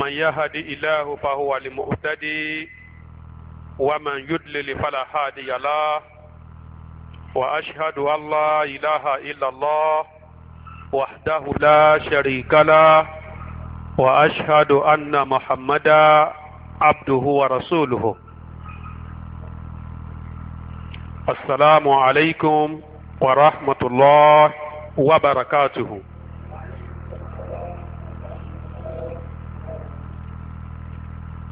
من يهدي إله فهو المهتدي ومن يدلل فلا هادي له وأشهد أن لا إله إلا الله وحده لا شريك له وأشهد أن محمدا عبده ورسوله السلام عليكم ورحمة الله وبركاته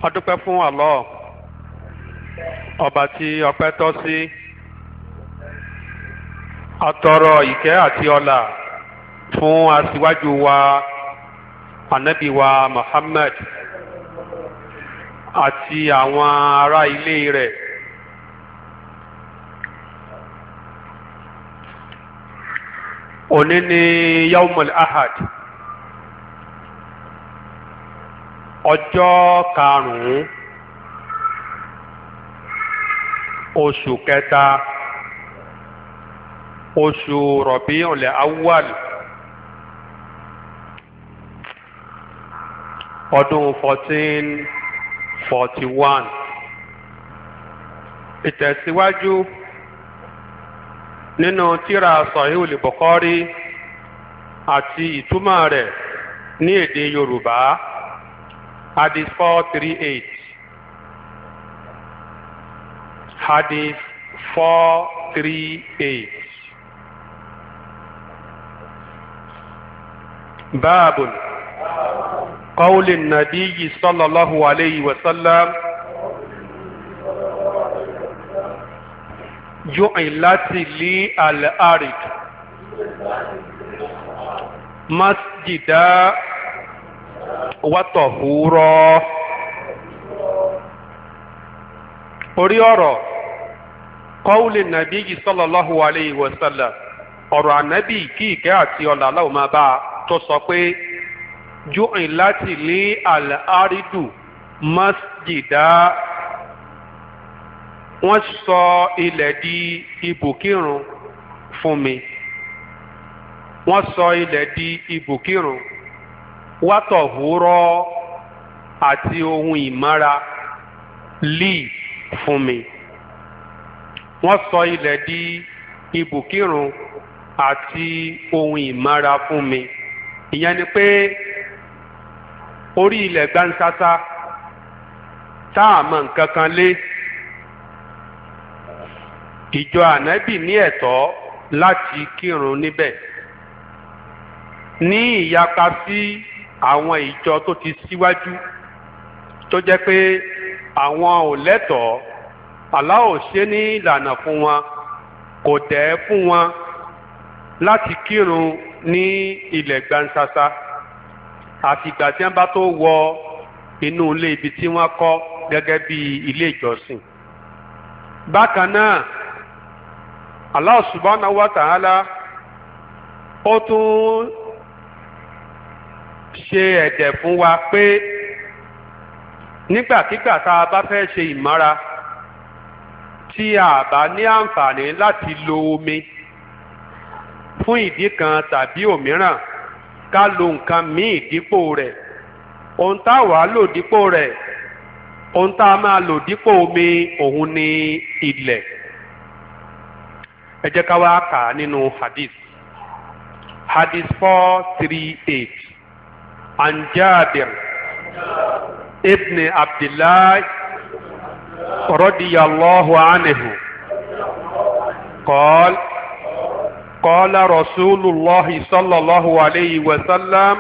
adúpẹ́ fún Allah ọba tí ọpẹ́ tọ́ sí atọrọ ìkẹ́ àti ọlà fún aṣíwájú wa anabi wa Muhammad àti àwọn ará ilé rẹ̀ òní ni yaumul ahad. ọjọ́ karùn-ún oṣù kẹta oṣù rọ̀bí ọ̀lẹ̀ awúwàlù ọdún fourteen forty one ìtẹ̀síwájú nínú tírà Sahihul Bukhari àti ìtumọ̀ rẹ̀ ní èdè Yorùbá. hadith 438 hadith 438 باب قول النبي صلى الله عليه وسلم جعلت لي الأرض مسجدا wàtọ̀húrọ́ orí ọ̀rọ̀ kọ́wùlì nàbí yìí sallallahu alayhi wa sallam ọ̀rọ̀ ànábì kí ìkẹ́ àti ọ̀là aláwọ̀ máa bá a tó sọ pé jùn láti lé wọ́n sọ ilẹ̀ di ibùkírun fún mi wátọ̀ húrọ́ àti ohun ìmára lì fún mi. wọ́n sọ ilẹ̀ di ibùkírun àti ohun ìmára fún mi. ìyẹn ni pé orí ilẹ̀ gbansasa tá a mọ nǹkan kan lé ìjọ ànábì ní ẹ̀tọ́ láti kírun níbẹ̀ ní ìyapa sí. Si, àwọn ìjọ tó ti síwájú tó jẹ́ pé àwọn ò lẹ́tọ̀ọ́ Allah ò ṣe ní ìlànà fún wọn kò dẹ̀ fún wọn láti kírun ní ilẹ̀ gbansasa àfìgbà tí wọ́n bá tó wọ inú ilé ibi tí wọ́n kọ́ gẹ́gẹ́ bí ilé ìjọsìn bákan náà Allah subhanahu wa ta'ala ó tún ṣe ẹ̀jẹ̀ fún wa pé nígbàkigbà tá a bá fẹ́ ṣe ìmọ́ra tí a bá ní àǹfààní láti lo omi fún ìdí kan tàbí òmíràn ká lo nǹkan míì dípò rẹ̀ ohun tá a wàá lò dípò rẹ̀ ohun tá a máa lò dípò omi òun ni ilẹ̀ ẹ jẹ́ ká wá kà á nínú hadith hadith four three eight. عن جابر ابن عبد الله رضي الله عنه قال قال رسول الله صلى الله عليه وسلم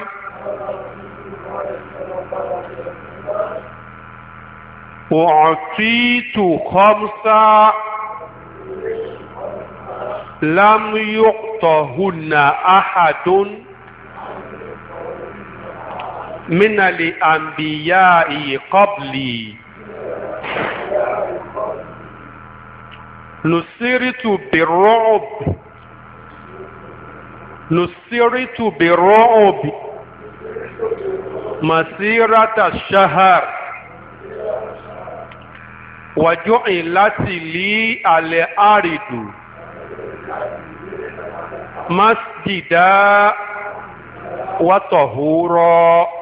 أعطيت خمسة لم يعطهن أحد minali anbiya iye qabli nusiritu birob nusiritu birob masirata shahar waju'ilati li ale aridu masjida wa tahura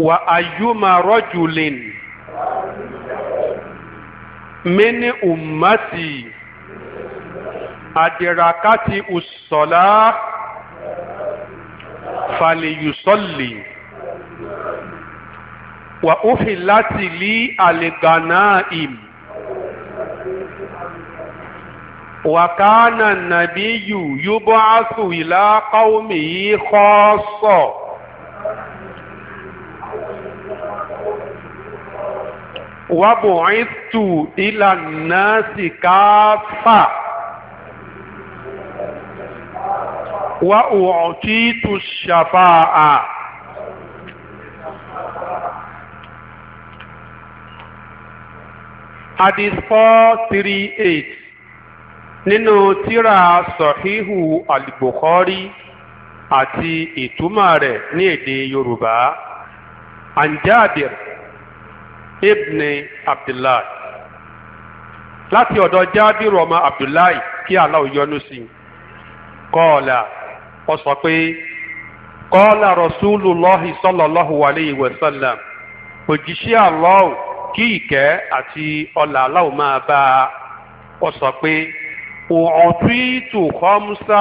wa ayyuma rajulin min ummati adirakati usola faliyusolli wa uhilati li aliganaim wa kana nabiyu yub'athu ila qaumihi khassa wàbùrìtù ìlànà sìkáfà wà òtítù ṣàfàà. Hadith four three eight nínú tírà sọ̀híhù al-Bukhari àti ìtumọ̀ rẹ̀ ní èdè Yorùbá. An ibni abdullahi láti ọ̀dọ̀ jábìrì ọmọ abdullahi kí Allah yọ́nú sí i kọ́ọ̀là ó sọ pé kọ́ọ̀là rasulullahi sallallahu alayhi wa sallam òjíṣẹ́ Allah kí ìkẹ́ àti ọlà Allah máa bá a ó sọ pé òǹtúìtù khamsa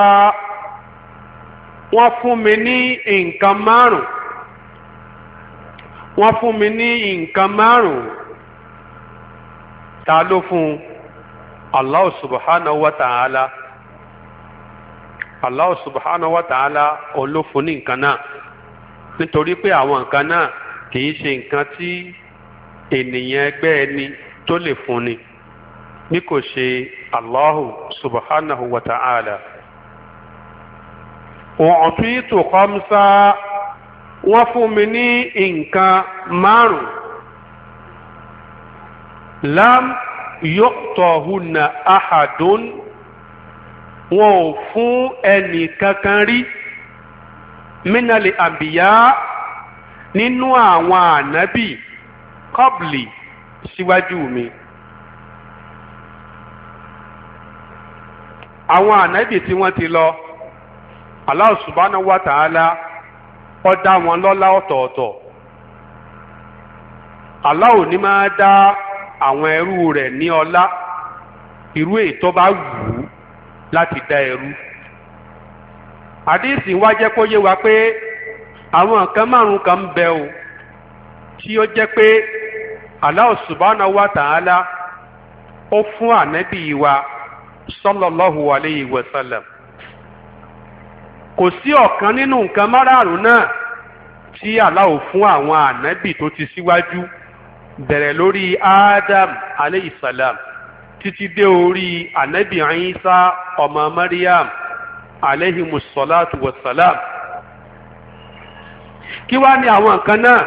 wọ́n fún mi ní nǹkan márùn-ún wọ́n fún mi ní nǹkan márùn-ún ta ló fún un allah subhanahu wa ta'ala allah subhanahu wa ta'ala òun ló fún ní nǹkan náà nítorí pé àwọn nǹkan náà kì í ṣe nǹkan tí ènìyàn ẹgbẹ́ ẹni tó lè fún bí kò ṣe allahu subhanahu wa ta'ala. wọ́n tún yìí tó kọ́ mú sáá wọ́n fún mi ní nǹkan márùn lam yọtọhùnà ahadun wọn ò fún ẹnì kankan rí mínàlè àbíyá nínú àwọn ànábì kọbìlì síwájú mi. àwọn ànábì tí wọ́n ti lọ Allah subhanahu wa ta'ala. Ọ dá wọn ọ̀tọ̀ọ̀tọ̀ Allah ò ní máa dá àwọn ẹrú rẹ̀ ní ọlá irú ètò bá wù ú láti dá ẹrú àdéhìsì wa jẹ́ kó yé wa pé àwọn nǹkan márùn-ún kan ń bẹ o tí ó jẹ́ pé Allah ó fún kò sí ọ̀kan nínú nǹkan márààrún náà tí aláwo fún àwọn ànábì tó ti síwájú bẹ̀rẹ̀ lórí Adam aleyhi salam títí dé orí ànábì Isa ọmọ Maryam aleyhi musalatu wa kí wá ní àwọn nǹkan náà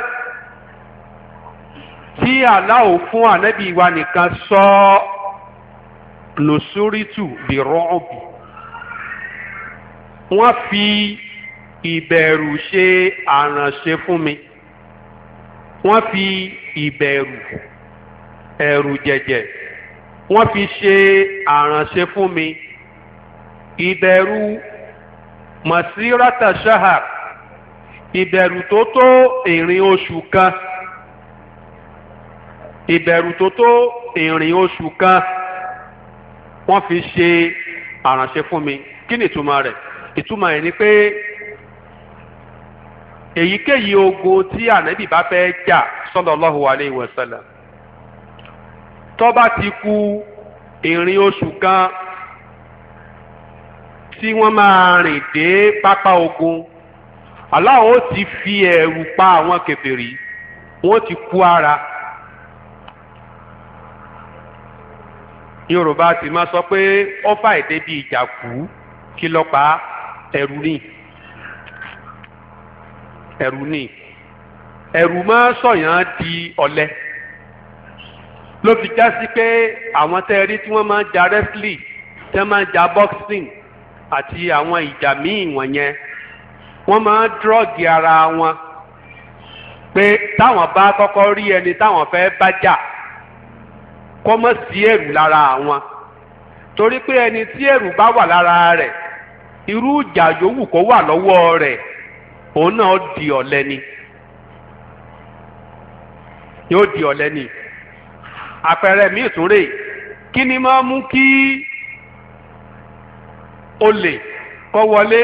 tí aláwo fún ànábì wa nìkan sọ nùsúrìtù bí rọ́ọ̀bù wọ́n fi ìbẹ̀rù ṣe àrànṣe fún mi wọ́n fi ìbẹ̀rù ẹ̀rù jẹ̀jẹ̀ wọ́n fi ṣe àrànṣe fún mi ìbẹ̀rù masirata shahar ìbẹ̀rù tó tó ìrìn oṣù kan ìbẹ̀rù tó tó ìrìn oṣù kan wọ́n fi ṣe àrànṣe fún mi kí ni ìtumọ̀ rẹ̀ ìtumọ̀ ẹ̀ ni pé èyíkéyìí ogun tí ànábì bá fẹ́ jà sallallahu alayhi wa sallam tó bá ti kù ìrìn oṣù kan tí wọ́n máa rìn dé pápá ogun Allah ó ti fi ẹ̀rù pa àwọn kèfèrí wọ́n ti kú ara. Yorùbá ti máa sọ pé ó èdè bíi ìjà kú kí ló ẹrú ni ẹrú ni ẹrù máa sọ̀yàn di ọ̀lẹ ló fi já sí pé àwọn tẹ́rí tí wọ́n máa ń ja wrestling tí máa ń ja boxing àti àwọn ìjà míì wọ̀nyẹn wọ́n máa ń dírọ́ọ̀gì ara wọn pé táwọn bá kọ́kọ́ rí ẹni táwọn fẹ́ bá jà kó má sí ẹ̀rù lára àwọn torí pé ẹni tí ẹ̀rù bá wà lára rẹ̀ irú ìjà yòówù kó wà lọ́wọ́ rẹ̀ òun náà di ọ̀lẹ ni yóò di ọ̀lẹ ni àpẹẹrẹ mi ìtúrè kí ni máa mú kí olè kọ́ wọlé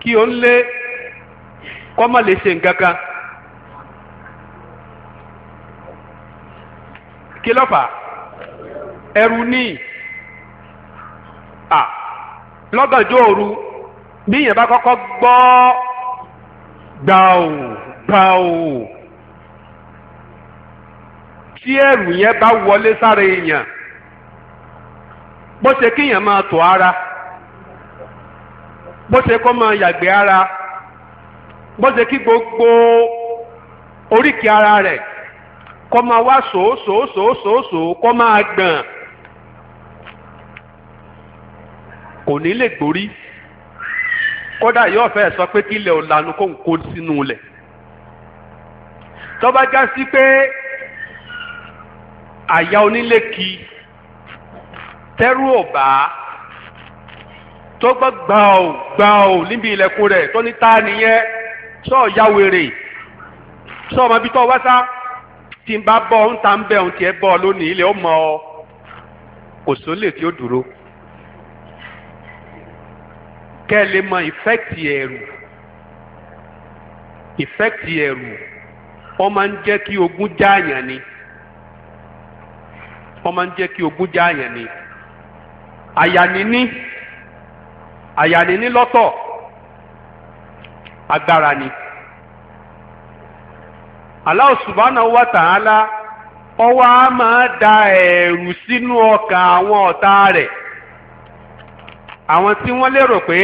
kí o ń lé kọ́ má lè ṣe nǹkan kan kí lọ́gànjọ́ òru bí èèyàn bá kọ́kọ́ gbọ́ gbàù gbàù tí ẹ̀rù yẹn bá wọlé sára èèyàn bó ṣe kéèyàn máa tọ̀ ara bó ṣe kó máa yàgbé ara bó ṣe kí gbogbo oríkì ara rẹ̀ kó máa wá sòósòósòósòó kó máa gbọ̀n. kò ní lè gborí kódà yóò fẹ́ sọ pé kílẹ̀ ò lanu kó ń kó sínú lẹ̀ tó bá já sí pé àyà onílé ki tẹ́rù ò bá tó gbọ́ gbàù gbàù níbi ilẹ̀kùn rẹ̀ tó ní ta nìyẹn sọ ya wèrè sọ ma ibi wasa wá sá tí n bá bọ́ ń ta n bẹ̀ ń tiẹ̀ bọ́ lónìí ilẹ̀ ó mọ ọ kò sólè tí ó dúró. kẹ́ ẹ ma mọ ẹrụ ẹ̀rù ẹrụ ọ ma máa ń ogun ni wọ́n máa ń jẹ́ kí ogun jáàyàn ni lọ́tọ̀ agbára ni wa máa da ẹrụ sínú ọkàn àwọn ọ̀tá rẹ. àwọn tí wọ́n lérò pé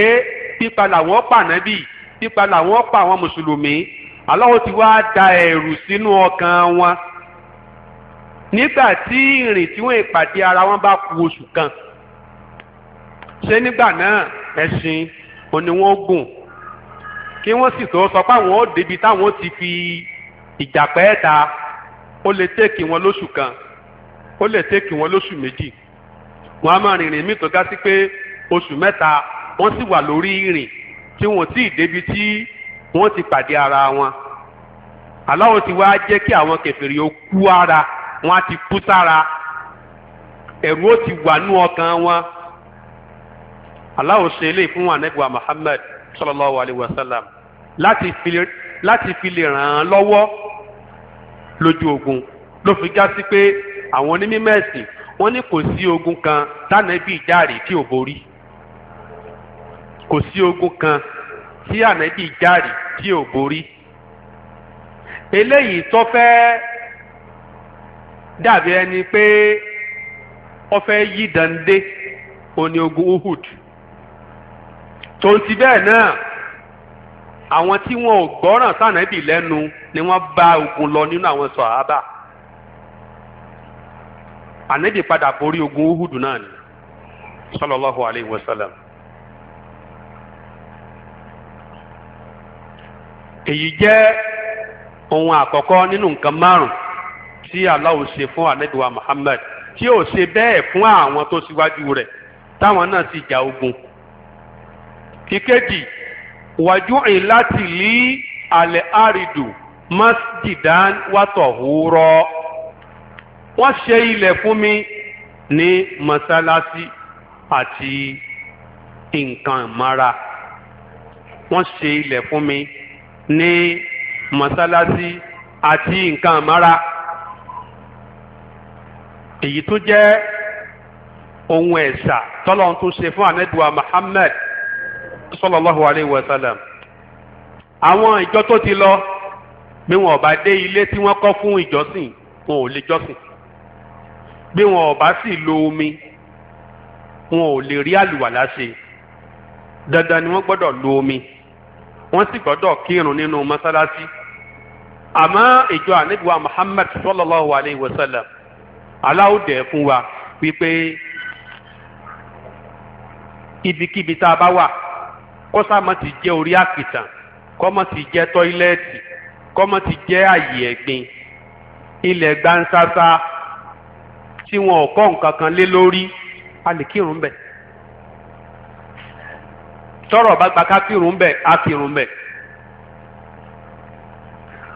pípa làwọn pa nábì pípa làwọn pa àwọn mùsùlùmí Allah ti wá da ẹ̀rù sínú ọkàn wọn nígbà tí ìrìn tí wọ́n ìpàdé ara wọn bá ku oṣù kan ṣé nígbà náà ẹ̀sìn òní wọn gùn kí wọ́n sì tó sọ pé àwọn ó débi táwọn ti fi ìjà pẹ́ ta ó lè tẹ́kì wọn lóṣù kan ó lè tẹ́kì wọn lóṣù méjì wọn á máa rìnrìn mí tó ga sí pé oṣù mẹ́ta wọ́n sì wà lórí ìrìn tí wọ́n tí ì débi tí wọ́n ti pàdé ara wọn aláwo ti wá jẹ́ kí àwọn kèfèrí ó kú ara wọn á ti kú sára ẹ̀rù ó ti wà nú ọkàn wọn aláwo ṣe eléyìí fún anabiwa Muhammad sallallahu alayhi wa sallam láti fi láti fi lè ràn án lọ́wọ́ lójú ogun ló fi já sí pé àwọn onímọ̀ ẹ̀sìn wọ́n ní kò sí ogun kan tánàbí ìjáàrí tí ò borí kò sí ogun kan tí ànábì jàrí tí ò borí eléyìí tó fẹ́ dàbí ẹni pé ó fẹ́ yí dande oní ogun Uhud tó ń ti bẹ́ẹ̀ náà àwọn tí wọn ò gbọ́ràn sànábì lẹ́nu ni wọ́n bá ogun lọ nínú àwọn sọ̀hábà ànábì padà borí ogun Uhud náà ni sallallahu alayhi wa sallam. èyí jẹ́ ohun àkọ́kọ́ nínú nǹkan márùn tí Allah ṣe fún alẹ́dùwà Muhammad tí ó ṣe bẹ́ẹ̀ fún àwọn tó ṣíwájú rẹ̀ táwọn náà sì jà ogun. ìkejì wàjú ìlàtì lí alẹ́ àrídù masjidan wàtọ̀húrọ́ wọ́n ṣe ilẹ̀ fún mi ní mọ́sálásí àti nǹkan mara wọ́n ṣe ilẹ̀ fún mi ní mọ́sálásí àti nǹkan àmára èyí tó jẹ́ ohun ẹ̀sà tọ́lọ́n tó ṣe fún anẹ́dùwà Muhammad sallallahu alayhi wa sallam àwọn ìjọ tó ti lọ bí wọn ò bá dé ilé tí wọ́n kọ́ fún ìjọsìn wọn ò lè jọ́sìn bí wọn ò sì lo omi wọn ò lè rí àlùwàlá ṣe dandan ni wọ́n gbọ́dọ̀ lo omi wọ́n sì gbọ́dọ̀ kírun nínú mọ́sálásí àmọ́ ìjọ ànábìwá Muhammad sallallahu alayhi wa sallam aláwòdẹ fún wa wípé ibikíbi tá a bá wà kọ́sàmọ́ ti jẹ́ orí àkìtàn kọ́mọ́ ti jẹ́ tọ́ílẹ́ẹ̀tì kọ́mọ́ ti jẹ́ àyè ẹ̀gbin ilẹ̀ gbansasa tí wọn ò kọ́ nǹkan kan lé lórí a lè kírun bẹ̀ tọrọ bá gba ká kírun bẹ á kírun bẹ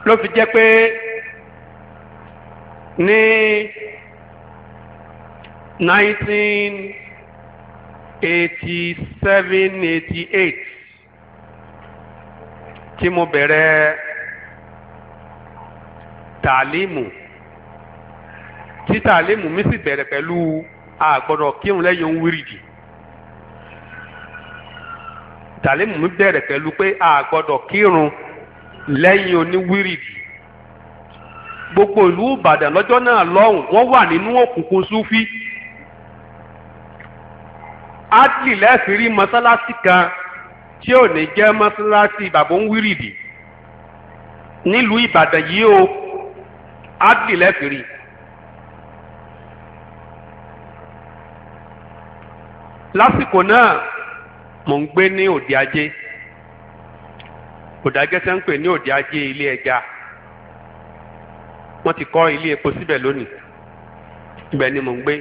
ló fi jẹ́ pé ní nineteen eighty seven eighty eight tí mo bẹ̀rẹ̀ tàlímù tí tàlímù mi sì bẹ̀rẹ̀ pẹ̀lú àgbọ̀dọ̀ kírun lẹ́yìn òun wíìrìdì tàlímù mi bẹ̀rẹ̀ pẹ̀lú pé a gbọ́dọ̀ kírun lẹ́yìn oníwírìdì gbogbo ìlú ìbàdàn lọ́jọ́ náà lọ́hùn wọ́n wà nínú òkùnkùn súfí adli lẹ́sìn rí mọ́sálásí kan tí ò ní jẹ́ mọ́sálásí bàbá ń wírìdì nílùú ìbàdàn yìí o adli lẹ́sìn rí. lásìkò náà mò ń gbé ní òde ajé òdàgẹ́sẹ̀ ń pè ní òde ajé ilé ẹja wọ́n ti kọ́ ilé epo síbẹ̀ lónìí ibẹ̀ ni mò ń gbé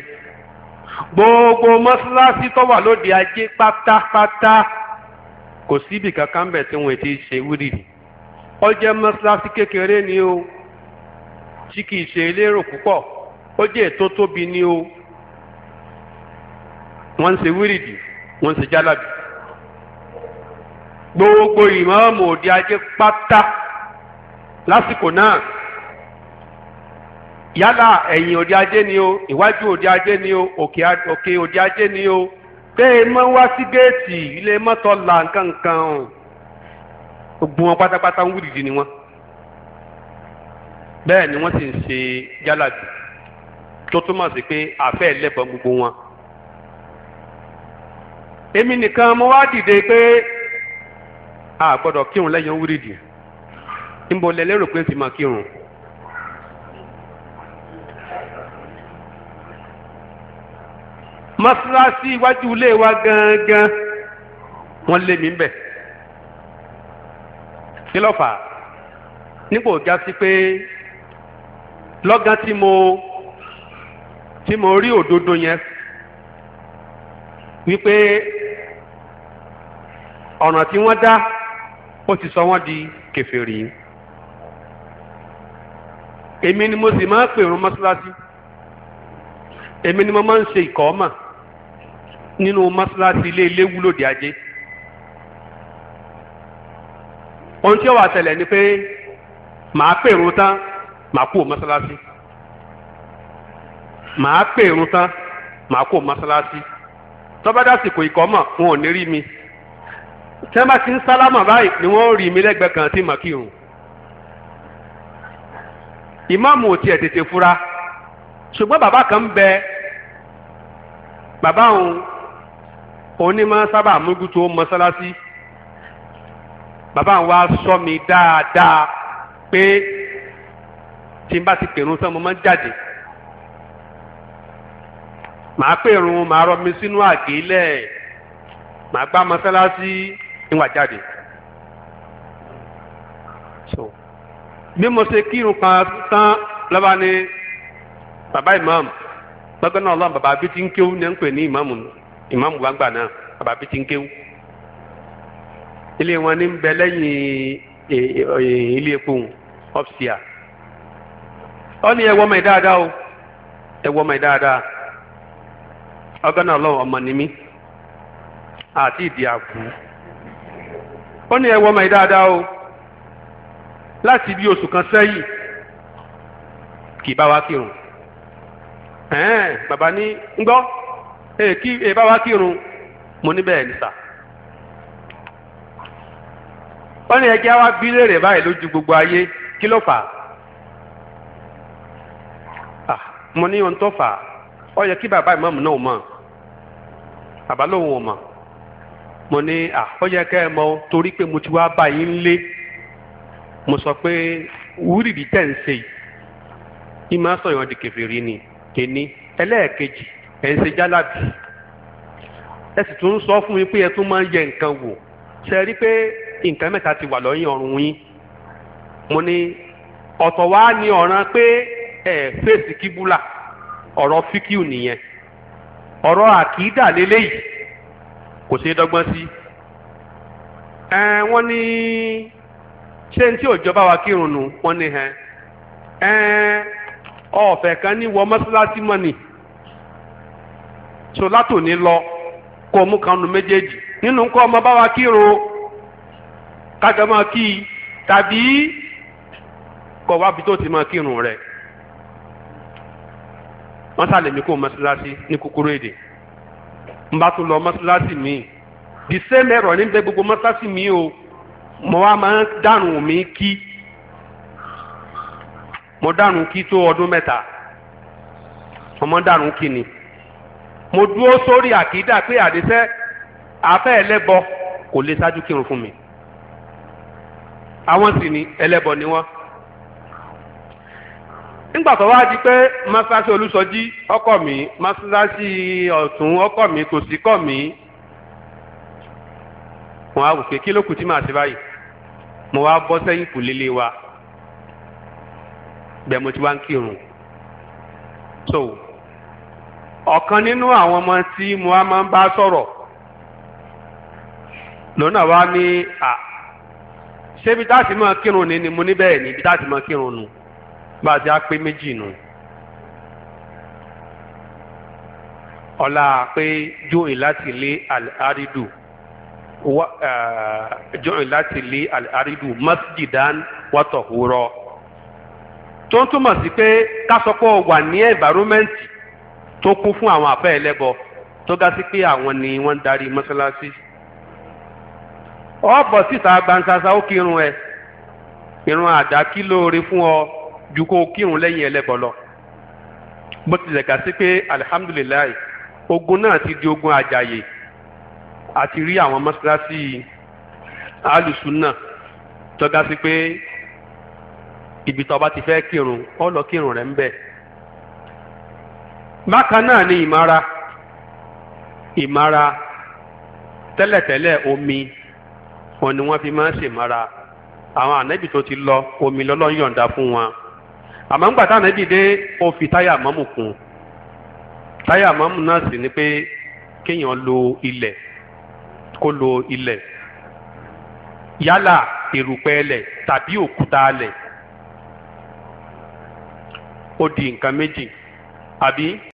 gbogbo mọ́ṣáláṣí tó wà lóde ajé pátápátá kò síbi kankan bẹ̀ tí wọ́n ti ṣe wúrìrì ó jẹ́ mọ́ṣáláṣí kékeré ni o tí kì í ṣe elérò púpọ̀ ó jẹ́ ètò tóbi ni o wọ́n ń ṣe wúrìrì wọ́n ń ṣe jálàbí gbogbo ìmáàmù òde ajé pátá lásìkò náà yálà ẹ̀yìn òde ajé ni o ìwájú òde ajé ni o òkè òde ajé ni o pé ẹ mọ́ wá sí géètì ilé mọ́tò la nǹkan kan o gbogbo wọn pátápátá ń wúdìdì ni wọn bẹ́ẹ̀ ni wọ́n sì ń ṣe jálàbì tó túmọ̀ sí pé àfẹ́ ẹlẹ́bọn gbogbo wọn èmi nìkan mo wá dìde pé a gbọ́dọ̀ kírun lẹ́yìn wíìrìdì níbo lẹ lérò pé ti máa kírun. mọ́ṣáláṣí iwájú ilé wa gangan wọ́n lé mi bẹ̀. kí ló fà á nípò ga sí pé lọ́gán tí mo tí mo rí òdodo yẹn wípé ọ̀nà tí wọ́n dá ó ti sọ wọ́n di kèfèrí èmi ni mo sì máa ń pèrún mọ́ṣáláṣí èmi ni mo máa ń ṣe ìkọ́ ọmọ nínú mọ́ṣáláṣí ilé iléwu lòdì ajé ohun tí ó wà ṣẹlẹ̀ ni pé màá pèrún tán màá kú mọ́ṣáláṣí màá pèrún tán màá kú mọ́ṣáláṣí tọ́ba ìkọ́ ọmọ wọn ò ní rí mi tí wọ́n bá ti ń sálámà báyìí ni wọ́n rí mi lẹ́gbẹ̀ẹ́ kan tí mà kírun ìmáàmù ò tiẹ̀ tètè fura ṣùgbọ́n bàbá kan ń bẹ bàbá òun òní máa ń sábà múgútó mọ́sálásí bàbá òun wá sọ mi dáadáa pé tí n bá ti pèrún tán mo jáde màá pèrún màá rọ mi sínú àgélẹ̀ màá gbá mọ́sálásí níwà jáde so bí mo ṣe kírun kan tán lọ́ba ni bàbá ìmáàmù gbọ́gbọ́n náà lọ́n bàbá bí ti ń kéwú ní ń pè ní ìmáàmù ìmáàmù wa gbà náà bàbá bí ti ń kéwú ilé wọn ní ń bẹ lẹ́yìn e, e, e, ilé epo ọ́fíà ó ní ẹwọ́ ọmọ ẹ̀ dáadáa o ẹwọ́ ọmọ ẹ̀ dáadáa ọgbọ́n náà lọ́wọ́ ọmọ ni mí àti ìdí àbúrò ó ní ẹwọ́ ọmọ yìí dáadáa o láti bí oṣù kan sẹ́yìn kì í bá wa kírun ẹ̀ẹ́n bàbá ní ngbọ́ ẹ̀ kí ẹ̀ bá wa kírun mo ní bẹ́ẹ̀ ní sà ó ní ẹjẹ́ wa bí léèrè báyìí lójú gbogbo ayé kí ló fà á ah, mo ní ohun tó fà á ó yẹ kí bàbá ìmọ̀ọ́mù náà mọ̀ bàbá ò mọ̀ mo ní à ó torí pé mo ti wá bá yín lé mo sọ pé wúrìdì tẹ̀ ń ṣe yìí ìmọ̀ sọ̀yàn di kẹfìrí ni kìíní ẹlẹ́ẹ̀kejì ẹ̀ ń ṣe jálàbì ẹ sì tún sọ fún mi pé ẹ tún máa ń yẹ nǹkan wò ṣe rí pé nǹkan mẹ́ta ti wà lọ́yìn ọ̀run yín mo ní ọ̀tọ̀ wá ní ọ̀ràn pé ẹ fèsì kíbúlà ọ̀rọ̀ fíkìú nìyẹn ọ̀rọ̀ àkìdá lélẹ́yìí kò é dọ́gbọ́n sí. ẹ wọ́n ní ṣé ní tí òjọba wa kírun nù wọ́n ní hẹn ẹ ọ̀fẹ́ kan ní wọ mọ́ṣáláṣí mọ́ ni so látòní lọ kó o mú kan nu méjèèjì nínú nǹkan ọmọ bá wa kírun kájọ máa kí i tàbí kọ̀ wá bí tó ti máa kírun rẹ̀ wọ́n sàlẹ̀ mí kó mọ́ṣáláṣí ní kúkúrú èdè. n bá tún lọ mọ́ṣáláṣí mi the same error níbẹ̀ gbogbo mọ́ṣáláṣí mi o mo wá máa ń dànù mi kí mo dànù kí tó ọdún mẹ́ta ọmọ dànù kí ni mo dúró sórí àkídà pé àdìsẹ́ afẹ́ ẹlẹ́bọ kò lè ṣáájú kírun fún mi àwọn sì ni ẹlẹ́bọ ni wọ́n nígbà tó wá di pé mọ́ṣáláṣí olùsọjí ọkọ mi mọ́ṣáláṣí ọ̀tún ọkọ mi kò sí kọ́ mi wọn á wò pé kí ló kù tí màá ṣe báyìí mo wá bọ́ sẹ́yìn kù líle wa bẹ́ẹ̀ mo ti wá ń kírun so ọ̀kan nínú àwọn ọmọ tí mo wá máa ń bá sọ̀rọ̀ lọ́nà wa ní à ṣé ibi tá a ti máa kírun ni ni mo ní bẹ́ẹ̀ ni ibi tá a máa kírun nù. No bá a ti á pé méjì nù. ọlá pé jóyìn láti lé àrídù eh, jóyìn láti lé àrídù masjidan wàtọ̀húrọ̀ tó ń túmọ̀ sí pé kásọpọ̀ wà ní ẹ̀fàrómẹ́ǹtì tó kún fún àwọn àfẹ́ ẹlẹ́bọ tó ga sí pé àwọn ni wọ́n ń darí mọ́ṣáláṣí ọ̀bọ̀ síta gbansasa ó kírun ẹ̀ irun àdá kí lóore fún ọ Juko kó kírun lẹ́yìn ẹlẹ́bọ lọ bó tilẹ̀ kà sí pé alihamudulilayi ogun náà ti di ogun àjàyè àti rí àwọn mọ́ṣáláṣí alùsùnà tọ́ka sí pé ibi tó bá ti fẹ́ kírun ó lọ rẹ̀ ń bẹ̀. bákan náà ni ìmára ìmára tẹ́lẹ̀tẹ́lẹ̀ omi òun ni wọ́n fi máa ń ṣèmára àwọn ànábì tó ti lọ omi lọ́lọ́ yọ̀ǹda fún wọn àmọ́ ńgbà táwọn ẹbí dé ó fi táyà mọ́mù kún táyà mọ́mù náà sì ni pé kéèyàn lo ilẹ̀ kó lo ilẹ̀ yálà erùpẹ̀ ẹlẹ̀ tàbí òkúta ẹlẹ̀ ó di nǹkan méjì àbí.